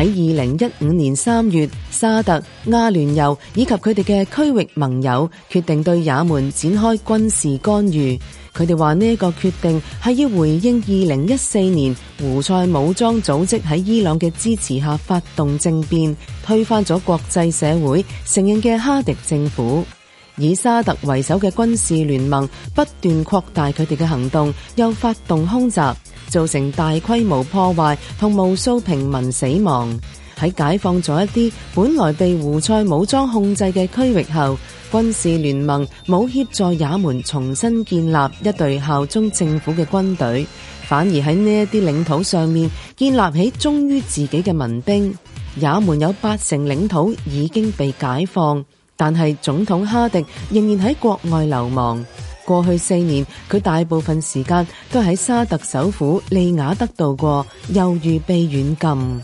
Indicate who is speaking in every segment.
Speaker 1: 喺二零一五年三月，沙特、阿聯酋以及佢哋嘅區域盟友決定對也門展開軍事干預，佢哋話呢一個決定係要回應二零一四年胡塞武裝組織喺伊朗嘅支持下發動政變推翻咗國際社會承認嘅哈迪政府。以沙特為首嘅軍事聯盟不斷擴大佢哋嘅行動，又發動空襲。造成大規模破壞同無數平民死亡。喺解放咗一啲本來被胡塞武裝控制嘅區域後，軍事聯盟冇協助也門重新建立一隊效忠政府嘅軍隊，反而喺呢一啲領土上面建立起忠於自己嘅民兵。也門有八成領土已經被解放，但係總統哈迪仍然喺國外流亡。過去四年，佢大部分時間都喺沙特首府利雅得度過，又遇被軟禁。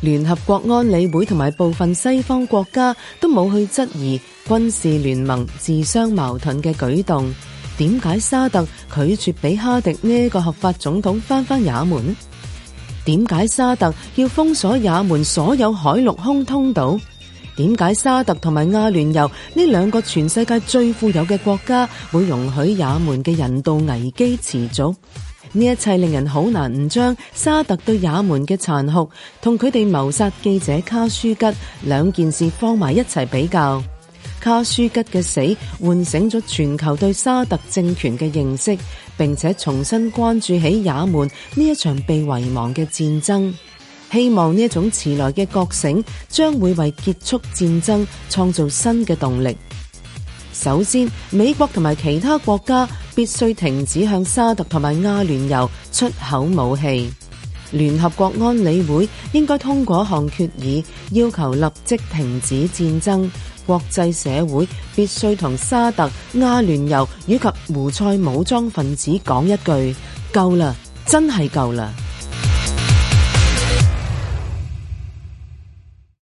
Speaker 1: 聯合國安理會同埋部分西方國家都冇去質疑軍事聯盟自相矛盾嘅舉動。點解沙特拒絕俾哈迪呢個合法總統翻返也門？點解沙特要封鎖也門所有海陸空通道？點解沙特同埋阿聯酋呢兩個全世界最富有嘅國家會容許也門嘅人道危機持續？呢一切令人好難唔將沙特對也門嘅殘酷同佢哋謀殺記者卡舒吉兩件事放埋一齊比較。卡舒吉嘅死喚醒咗全球對沙特政權嘅認識，並且重新關注起也門呢一場被遺忘嘅戰爭。希望呢種遲來嘅覺醒將會為結束戰爭創造新嘅動力。首先，美國同埋其他國家必須停止向沙特同埋阿聯酋出口武器。聯合國安理會應該通過項決議，要求立即停止戰爭。國際社會必須同沙特、阿聯酋以及胡塞武裝分子講一句：夠啦，真係夠啦！